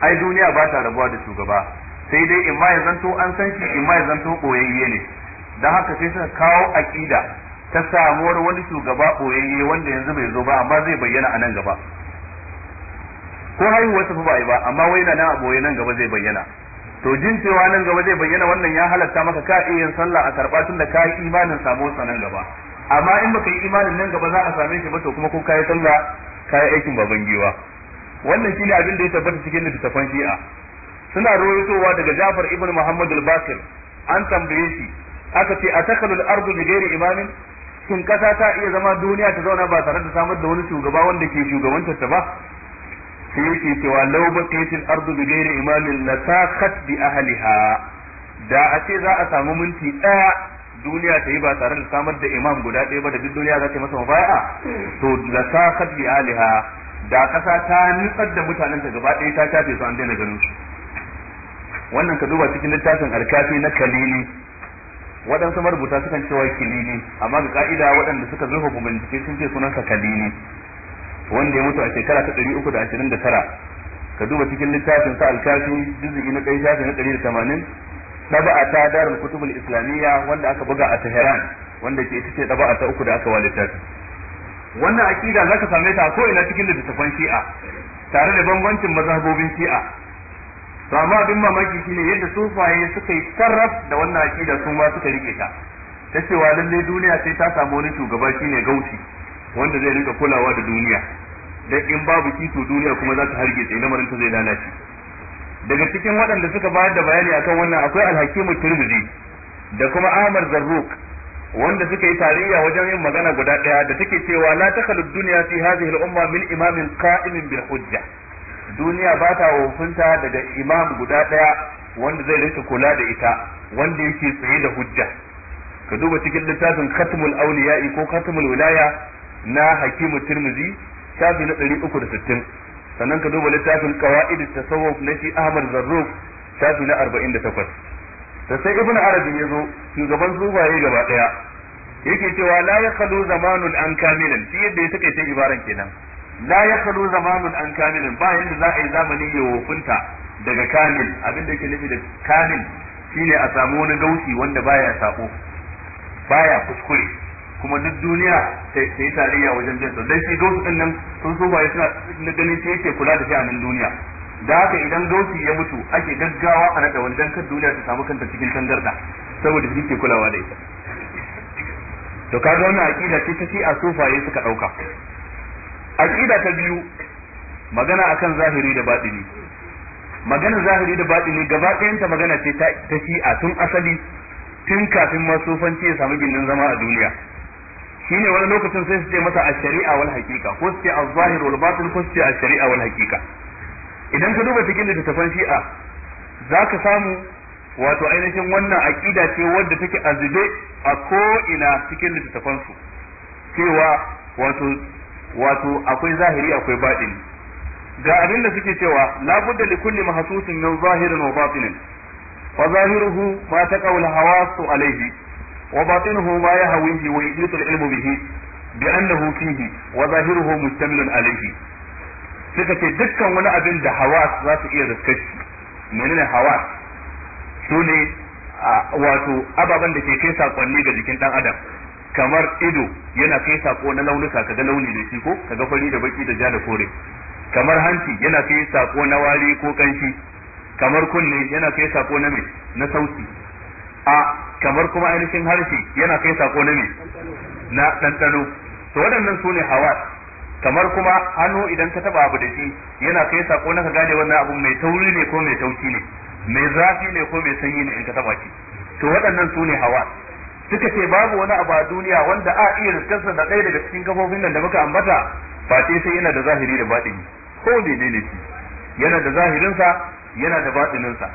S3: ai duniya ba ta rabuwa da shugaba sai dai ma ya zanto an san shi in ma ya zanto boyayye ne dan haka sai suka kawo aƙida ta samuwar wani shugaba boyayye wanda yanzu bai zo ba amma zai bayyana a nan gaba ko haihuwar ta ba ba amma wai nan a boye nan gaba zai bayyana to jin cewa nan gaba zai bayyana wannan ya halatta maka ka iya sallah a karba tun da ka yi imanin samuwar sa nan gaba amma in baka yi imanin nan gaba za a same shi ba to kuma ko ka yi sallah ka aikin baban giwa wannan shine abin da ya tabbata cikin littattafan shi'a suna rawaitowa daga Ja'far ibn Muhammad al-Bakir an tambaye shi aka ce atakalul ardu bi ghairi imamin shin kasa ta iya zama duniya ta zauna ba tare da samar da wani shugaba wanda ke shugabantar ta ba sai yake cewa law baqiyatil ardu bi ghairi imamin la taqat bi ahliha da a ce za a samu minti daya duniya ta yi ba tare da samar da imam guda ɗaya ba da duk duniya za ta yi masa mabaya to la taqat bi ahliha da kasa ta nutsar da mutanen ta gaba ɗaya ta tafi su an daina ganin su wannan ka duba cikin littafin alkafi na kalili waɗansu marubuta sukan cewa kilili amma ga ka'ida waɗanda suka zurfa bincike sun ce sunansa kalili wanda ya mutu a shekara ta ɗari uku da ashirin da tara ka duba cikin littafin sa alkafi juzu'i na ɗaya shafi na ɗari da tamanin ɗaba'a ta darar kutubul islamiyya wanda aka buga a tehran wanda ke ita ce ɗaba'a ta uku da aka wa tafi wannan aƙida ka same ta ko ina cikin littattafan shi'a tare da bambancin mazhabobin shi'a to amma abin mamaki shine yadda sufaye suka yi sarraf da wannan aqida su ma suka rike ta ta cewa lalle duniya sai ta samu wani shugaba shine gauci wanda zai rinka kulawa da duniya da in babu kito duniya kuma za ta sai lamarin ta zai lalace daga cikin waɗanda suka bayar da bayani akan wannan akwai alhakimu tirmidhi da kuma ahmad zarruq wanda suka yi tarayya wajen yin magana guda ɗaya da take cewa la takhalu dunya fi hadhihi al-umma min imamin qa'imin bil hujja duniya ba ta wofinta daga imam guda ɗaya wanda zai rinka kula da ita wanda yake tsaye da hujja ka duba cikin littafin khatmul auliya ko khatmul wilaya na hakimu tirmizi shafi na 360 sannan ka duba littafin qawaid tasawuf na shi ahmad zarruf shafi na 48 da sai ibnu arabi ya zo shugaban zubaye gaba daya yake cewa la yakhlu zamanun an kamilan shi yadda ya take ibaran kenan la ya kalu zamanun an ba yanda za a yi zamani ya wofinta daga kamil abin da ke nufi da shi shine a samu wani gauci wanda baya sako baya kuskure kuma duk duniya ta yi tarayya wajen jinsa dan shi gauci din nan sun so baya suna na ganin shi yake kula da sha'anin duniya da haka idan gauci ya mutu ake gaggawa a nada wani dan kan duniya ta samu kanta cikin tangarda saboda shi ke kulawa da ita to kaga wannan aqida ce ta ce a sufaye suka dauka aqida ta biyu magana akan zahiri da batini magana zahiri da batini gaba ɗayanta magana ce ta a tun asali tun kafin masufanci ya samu gindin zama a duniya shine wani lokacin sai su ce masa a sharia wal haqiqa ko su ce az-zahir wal batin ko su ce ash-shari'a wal haqiqa idan ka duba cikin littattafan shi'a ka samu wato ainihin wannan aqida ce wadda take azube a ko ina cikin littattafan su cewa wato wato akwai zahiri akwai batini ga abin da suke cewa la budda li kulli mahsusin min zahirin wa batinin fa zahiruhu ma taqawul hawasu alayhi wa batinuhu ma yahawihi wa yujitu al bihi bi annahu fihi wa zahiruhu mustamilun alayhi suka ce dukkan wani abin da hawas za su iya riskar menene hawas su ne wato ababen da ke kai sakonni ga jikin dan adam kamar ido yana kai sako na launuka kaga launi da shi ko kaga fari da baki da ja da kore kamar hanci yana kai sako na wari ko kanshi kamar kunne yana kai sako na me na sauti a kamar kuma ainihin harshe yana kai sako na me na ɗanɗano to waɗannan su ne hawa kamar kuma hannu idan ka taba abu da shi yana kai sako na ka gane wannan abu mai tauri ne ko mai taushi ne mai zafi ne ko mai sanyi ne in ka taba shi to waɗannan su ne hawa suka ce babu wani abu a duniya wanda a iya riskarsa da ɗaya daga cikin kafofin nan da muka ambata ba sai yana da zahiri da baɗini ko ne shi yana da zahirinsa yana da baɗininsa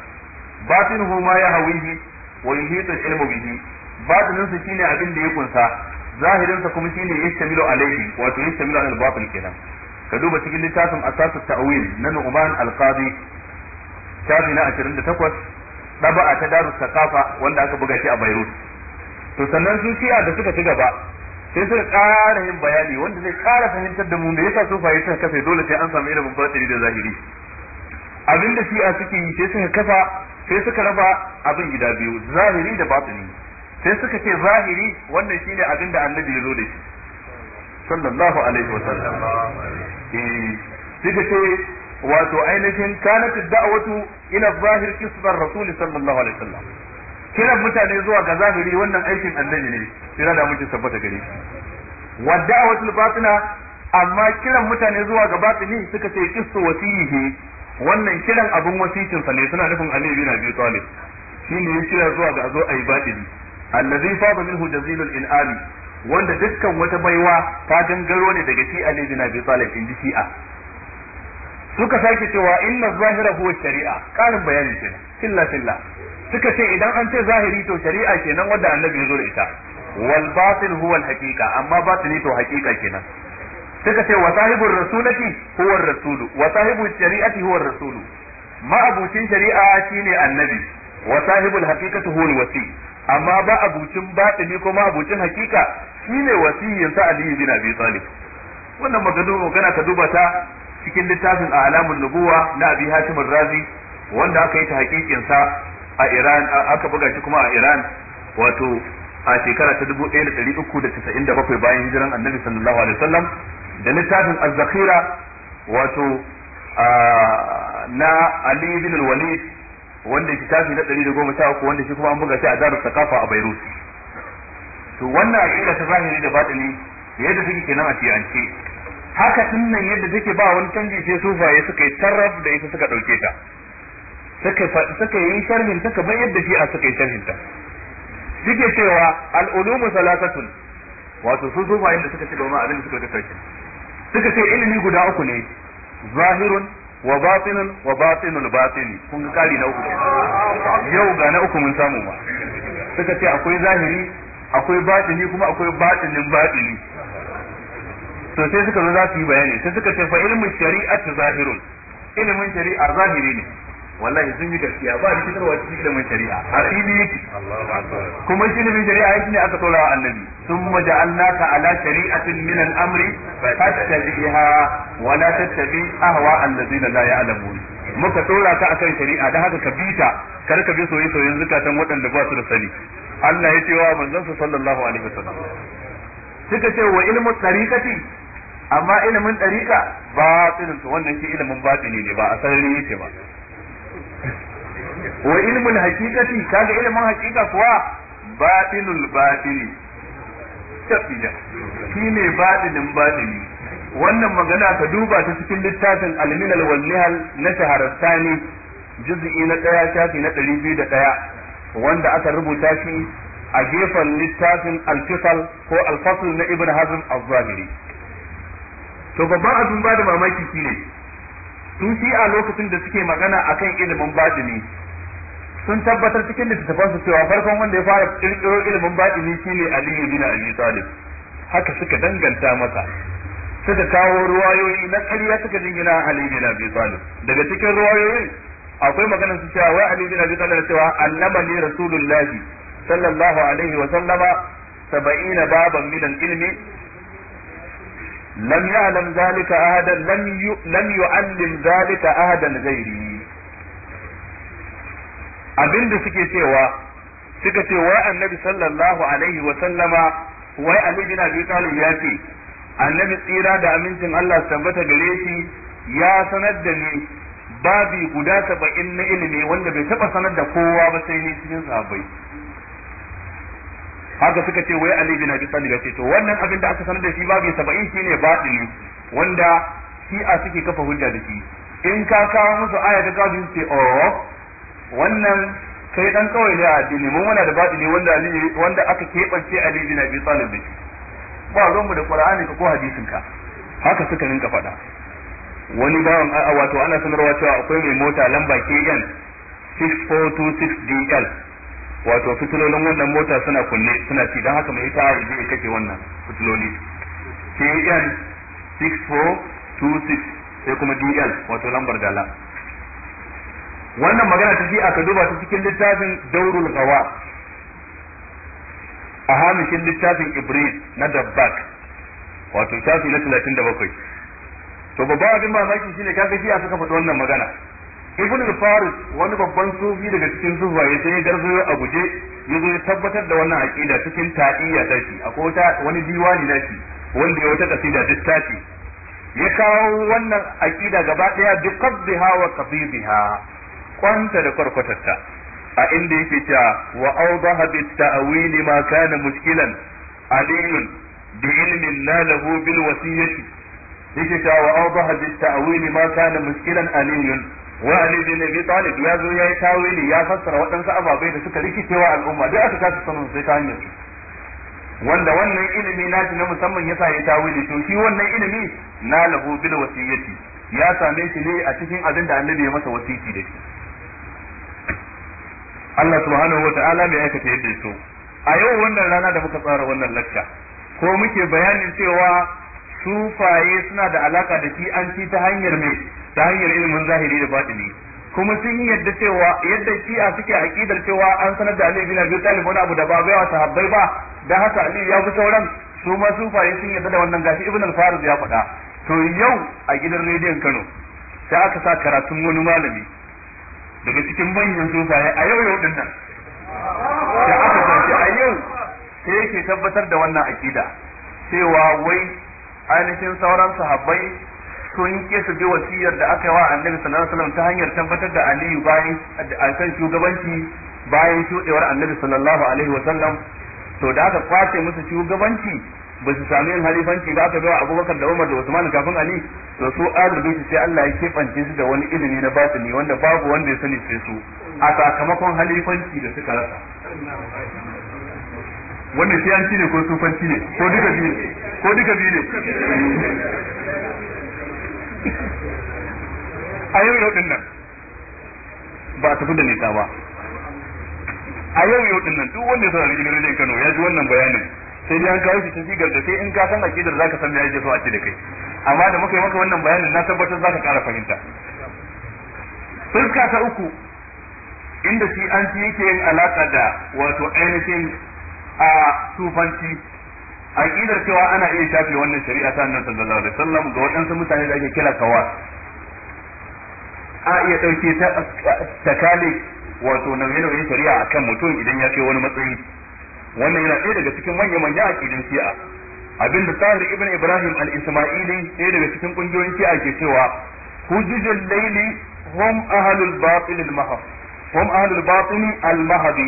S3: batinuhu ma ya hawihi wa yuhitu ilmu bihi batininsa shine abin da ya kunsa zahirinsa kuma shine yastamilu alaihi wato yastamilu al batil kenan ka duba cikin littafin asasut ta'wil na Nu'man al-Qadi shafi na 28 a ta Darus Saqafa wanda aka buga shi a Beirut to sannan su da suka ci gaba sai suka ƙara yin bayani wanda zai ƙara fahimtar da mu da yasa fa yasa kafe dole sai an samu ilimin batiri da zahiri abin da a suke yi sai suka kafa sai suka raba abin gida biyu zahiri da batini sai suka ce zahiri wannan shine abin da annabi ya zo da shi sallallahu alaihi wa sallam eh, suka ce wato ainihin kanatu da'watu ila zahir kisbar rasul sallallahu alaihi wa sallam kiran mutane zuwa ga zahiri wannan aikin annabi ne kira da mutum tabbata gare shi wa da'watul batina amma kiran mutane zuwa ga batini suka ce qissu wasihi wannan kiran abun wasikin sa ne suna nufin Ali bin Abi Talib shine ya kira zuwa ga zo ayi batini allazi fada minhu jazilul in'ami wanda dukkan wata baiwa ta gangaro ne daga shi Ali bin Abi Talib ji shi'a suka sake cewa inna zahira huwa shari'a karin bayani kenan filla filla suka ce idan an ce zahiri to shari'a kenan wanda annabi ya zo da ita wal batil huwa al haqiqa amma batili to haqiqa kenan suka ce wa sahibur rasulati huwa rasulu wa sahibu shari'ati huwa rasulu ma'abucin shari'a shine annabi wa sahibul haqiqatu huwa wasi amma ba abucin batili ko abucin haqiqa shine wasiyin sa Ali bin Abi Talib wannan magana magana ka duba ta cikin littafin a'lamun nubuwa na Abi Hatim razi wanda aka yi ta haƙiƙinsa. sa a Iran aka buga shi kuma a Iran wato a shekara ta 1397 bayan hijiran Annabi sallallahu alaihi wasallam da littafin Az-Zakhira wato na Ali ibn walid wanda tafi na uku, wanda shi kuma an buga shi a Darus sakafa a Beirut to wannan aqida ta zahiri da batini yadda take kenan a tiyance haka tun nan yadda take ba wani canji sai sufaye suka yi tarraf da ita suka ɗauke ta suka yi sharhin ta kamar yadda a suka yi sharhin ta suke cewa al'ulumu salatatun wato su sufayin da suka ci gaba abin da suka kasar shi suka ce ilimi guda uku ne zahirun wa batinun wa batinun batini kun ga kari na uku yau ga na uku mun samu ma suka ce akwai zahiri akwai batini kuma akwai batinin batini to sai suka zo za su yi bayani sai suka ce fa ilmin shari'atu zahirun ilimin shari'a zahiri ne wallahi sun yi gaskiya ba da fitarwa cikin ilimin shari'a a fili yake kuma shi ilimin shari'a yake ne aka tsora wa annabi sun maja'alnaka ala shari'atin min al-amri fattabiha wa la tattabi ahwa allazina la ya'lamun muka tsora ka akan shari'a da haka ka bita kar ka bi soyayyen zukatan waɗanda ba su da sani Allah ya ce wa manzon sa sallallahu alaihi wasallam suka ce wa ilmu tariqati amma ilimin tariqa ba wannan shi ilimin batini ne ba a sarari yake ba wa ilmul haqiqati kaga ilmin haqiqa kuwa batinul batini tafiya ne batinin batini wannan magana ka duba ta cikin littafin alminal wal nihal na shaharastani juz'i na daya shafi na ɗaya, wanda aka rubuta shi a gefen littafin al ko al na ibn hazm az-zahiri to babban abin ba da mamaki shine su a lokacin da suke magana a kan ilimin bajini sun tabbatar cikin littattafansu cewa farkon wanda ya fara kirkiro ilimin batini shine Aliyu bin Abi Talib haka suka danganta masa suka kawo ruwayoyi na ƙarya suka jingina Ali bin Abi Talib daga cikin ruwayoyin akwai maganar su cewa wai Ali bin Abi Talib cewa allama ni rasulullahi sallallahu alaihi wa sallama saba'ina baban min ilmi lam ya'lam zalika ahadan lam yu Abin da suke cewa suka ce wai annabi sallallahu alaihi wa sallama wai ali bin abi talib ya ce annabi tsira da amincin Allah tabbata gare shi ya sanar da ni babi guda saba'in na ilimi wanda bai taba sanar da kowa ba sai ni cikin sahabbai haka suka ce wai Ali bin Abi Talib ya ce to wannan abin da aka sanar da shi babu 70 shine batili wanda shi a suke kafa hujja da shi in ka kawo musu aya ta kawo su ce oh wannan kai dan kawai ne a addini mun wala da batili wanda Ali wanda aka kebance Ali bin Abi Talib da shi ba ruwan mu da Qur'ani ka ko hadisin ka haka suka ninka faɗa wani bawan wato ana sanarwa cewa akwai mai mota lamba KN 6426 dl wato fitilolin wannan mota suna kunne suna ci don haka mai ita ya je ya kashe wannan fitiloli kn 6426 sai kuma DL wato lambar dala wannan magana ta ji aka duba ta cikin littafin Daurul Gawa a hamishin littafin Ibris na Dabbak wato shafi na 37 to babba abin mamaki shine kaga shi suka faɗi wannan magana ibn al-faris wani babban sufi daga cikin ya sai ya garzo a guje ya zo ya tabbatar da wannan aqida cikin ta'iyya tashi akwai wata wani diwani shi, wanda ya wata kasida duk tashi ya kawo wannan aqida gaba daya bi qabdiha wa qadibiha kwanta da kwarkwatarta a inda yake cewa wa awdaha bi ta'wil ma kana mushkilan aliyun bi ilmin nalahu bil wasiyati yake cewa wa awdaha bi ta'wil ma kana mushkilan aliyun wa ali bin abi talib ya zo yayi tawili ya fassara waɗansu ababai da suka rikicewa al'umma duk aka tashi sanin sai ta hanyar wanda wannan ilimi nashi na musamman yasa ya tawili to shi wannan ilimi na lahu bil wasiyati ya same shi ne a cikin abin da annabi ya masa wasiki da shi Allah subhanahu wa ta'ala bai aikata yadda so a yau wannan rana da muka tsara wannan lakka ko muke bayanin cewa sufaye suna da alaka da shi an ci ta hanyar mai ta hanyar ilimin zahiri da fadili kuma sun yadda cewa yadda shi'a suke aqidar cewa an sanar da Ali bin Abi Talib wani abu da ba bai wa sahabbai ba Da haka Ali ya fi sauran su ma sufaye sun yadda da wannan gashi Ibn al-Farid ya faɗa to yau a gidan rediyon Kano sai aka sa karatun wani malami daga cikin manyan sufaye a yau yau din nan da aka tashi a yau sai yake tabbatar da wannan aqida cewa wai ainihin sauran sahabbai sun ke su wasiyar da aka yi wa annabi sallallahu alaihi wasallam ta hanyar tabbatar da aliyu bayan kan shugabanci bayan shudewar annabi sallallahu alaihi wasallam to da aka kwace musu shugabanci ba su sami yin halifanci ba aka bawa abubakar da umar da usman kafin ali to su arziki su sai Allah ya keɓance su da wani ilimi na batini wanda babu wanda ya sani sai su a sakamakon halifanci da suka rasa wanda sai an cire ko sufanci ne ko duka biyu ko duka
S2: biyu ne a yau
S3: yau nan ba a tafi da nisa ba a yau yau nan duk wanda ya saurari ilimin rediyon Kano ya ji wannan bayanin sai dai an kawo shi cikin garda sai in ka san akidar zaka san ya yake so a ci da kai amma da muka yi maka wannan bayanin na tabbatar zaka ƙara fahimta fuska ta uku inda shi an ci yake yin alaka da wato ainihin a tufanci. aqidar cewa ana iya shafe wannan shari'a ta annabi sallallahu alaihi wasallam ga waɗansu mutane da ake kira kawa a iya dauke ta takali wato nauye shari'a akan mutum idan ya kai wani matsayi wannan yana ɗaya daga cikin manya-manya aqidin shi'a abinda tahir ibn ibrahim al-isma'ili ɗaya daga cikin kungiyoyin shi'a ke cewa hujjul laili hum ahlul batil al-mahab hum ahlul batil al-mahdi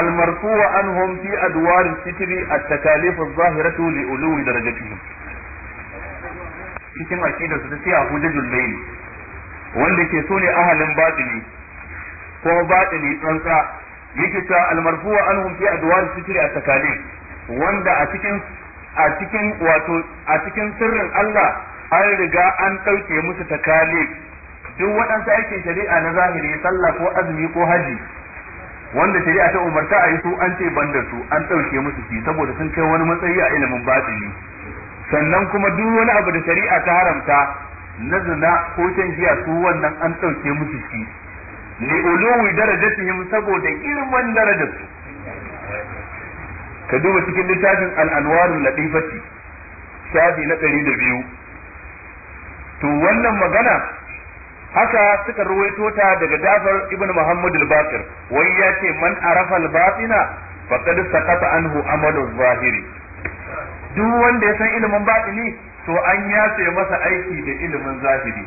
S3: المرفوع عنهم في أدوار الستر التكاليف الظاهرة لألو درجتهم cikin aqidar su sai a hujjajul layl wanda ke so ne ahalin batini ko batini tsantsa yake ta almarfuwa anhum fi adwar sitri at wanda a cikin a cikin wato a cikin sirrin Allah an riga an ɗauke musu takalif duk waɗansu aikin shari'a na zahiri sallah ko azumi ko haji wanda shari'a ta umarta a yi su an ce ban su an ɗauke musu shi saboda sun kai wani matsayi a ilimin batini sannan kuma duk wani abu da shari'a ta haramta na zina ko can giya su wannan an ɗauke musu shi li uluwi darajatihim saboda girman darajarsu ka duba cikin littafin al-anwarul fati, shafi na ɗari da biyu. to wannan magana haka suka ruwaito ta daga Jafar ibn Muhammad al-Baqir wai ya ce man arafa al-batina faqad saqata anhu amalu zahiri duk wanda ya san ilimin batini to an yace masa aiki da ilimin zahiri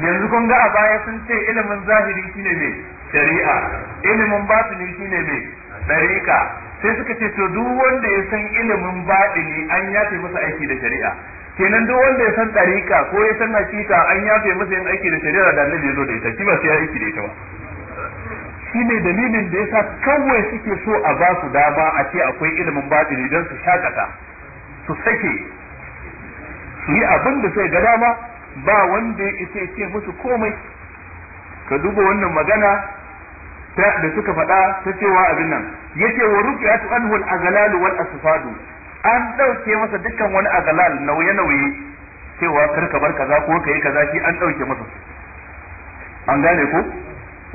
S3: yanzu kun ga a baya sun ce ilimin zahiri shine me shari'a ilimin batini shine me dariqa sai suka ce to duk wanda ya san ilimin batini an yace masa aiki da shari'a kenan duk wanda ya san tsarika ko ya san hakika an yafe masa yin aiki da shari'a da annabi ya zo da ita shi ba sai ya aiki da ita ba shi ne dalilin da ya yasa kawai suke so a ba su dama a ce akwai ilimin batini don su shakata su sake su yi abin da sai ga dama ba wanda ya isa ce musu komai ka duba wannan magana da suka faɗa ta cewa abin nan yace wa ruqyatu anhu al galalu wal asfadu an ɗauke masa dukkan wani agalal nauye-nauye cewa kar bar kaza ko ka yi kaza shi an ɗauke masa an gane ko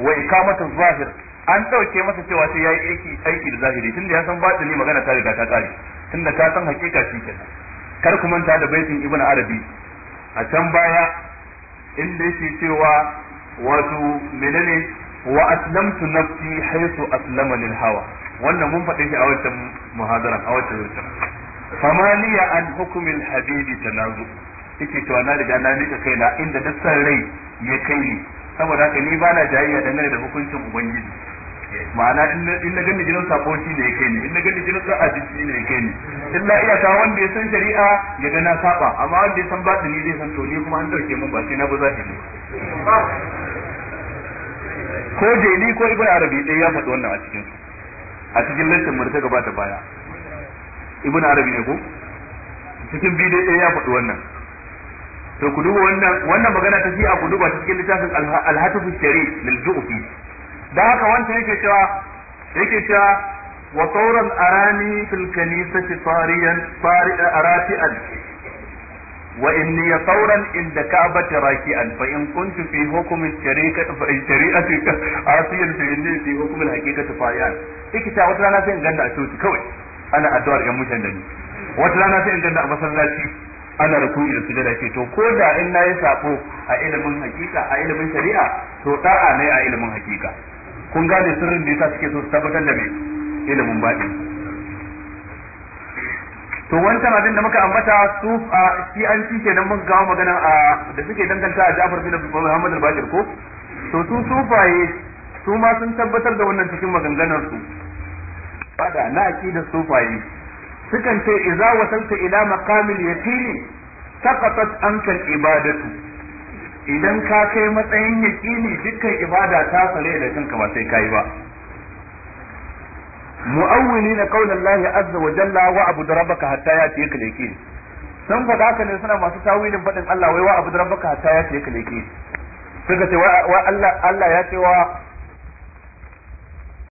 S3: wa ikamatu zahir an ɗauke masa cewa sai yayi aiki aiki da zahiri tunda ya san batini magana ta riga ta kare tunda ka san hakika shi kenan kar ku manta da baitin ibn arabi a can baya inda yake cewa wato menene wa aslamtu nafsi haythu aslama lil hawa wannan mun faɗe shi a wancan muhadara a wancan famaliya an hukumin habibi tanazu yake cewa na riga na nika kaina inda duk rai ya kai ni saboda haka ni ba na jayayya da da hukuncin ubangiji ma'ana in na gani jinin sako shi ne kai ni in na gani jinin sa'a shi ne kai ni illa ta wanda ya san shari'a ya ga na saba amma wanda ya san ni zai san to ni kuma an dauke mun ba sai na ba za zahiri ko jeli ko ibn arabi dai ya faɗi wannan a cikin a cikin lantin mu ta gabata baya ibn arabi ne ko cikin bidiyo ɗaya ya faɗi wannan to ku duba wannan wannan magana ta a ku duba cikin littafin al-hatifu shari lil ju'fi da haka wanda yake cewa yake cewa wa tawran arani fil kanisati tariyan arati'an wa inni ya tawran inda ka'bati raki'an fa in kuntu fi hukm ash-shari'ati fa in shari'ati asiyan fa inni fi hukm al-haqiqati fa'ian yake cewa wata rana sai in ganda a coci kawai ana addu'ar yan mutan da ni wata rana sai in ganda a masallaci ana rukuni da sujada ce to ko da in nayi sako a ilimin hakika a ilimin shari'a to da'a ne a ilimin hakika kun gane sirrin da yasa suke so su tabbatar da me ilimin baɗi to wancan abin da muka ambata su a shi an ci nan muka magana a da suke danganta a Ja'far bin Muhammad al-Bashir ko to su sufaye su ma sun tabbatar da wannan cikin maganganar su fada na da sufaye sukan ce idza wasalta ila maqamil yaqini saqatat anka ibadatu idan ka kai matsayin yaqini dukkan ibada ta tsare da kanka ba sai kai ba mu'awwilina qawlallahi azza wa jalla wa abud rabbaka hatta yatiyaka yaqin sun faɗa ka ne suna masu tawilin faɗin Allah wai wa abu da hatta ya ce ka leke suka ce wa Allah Allah ya ce wa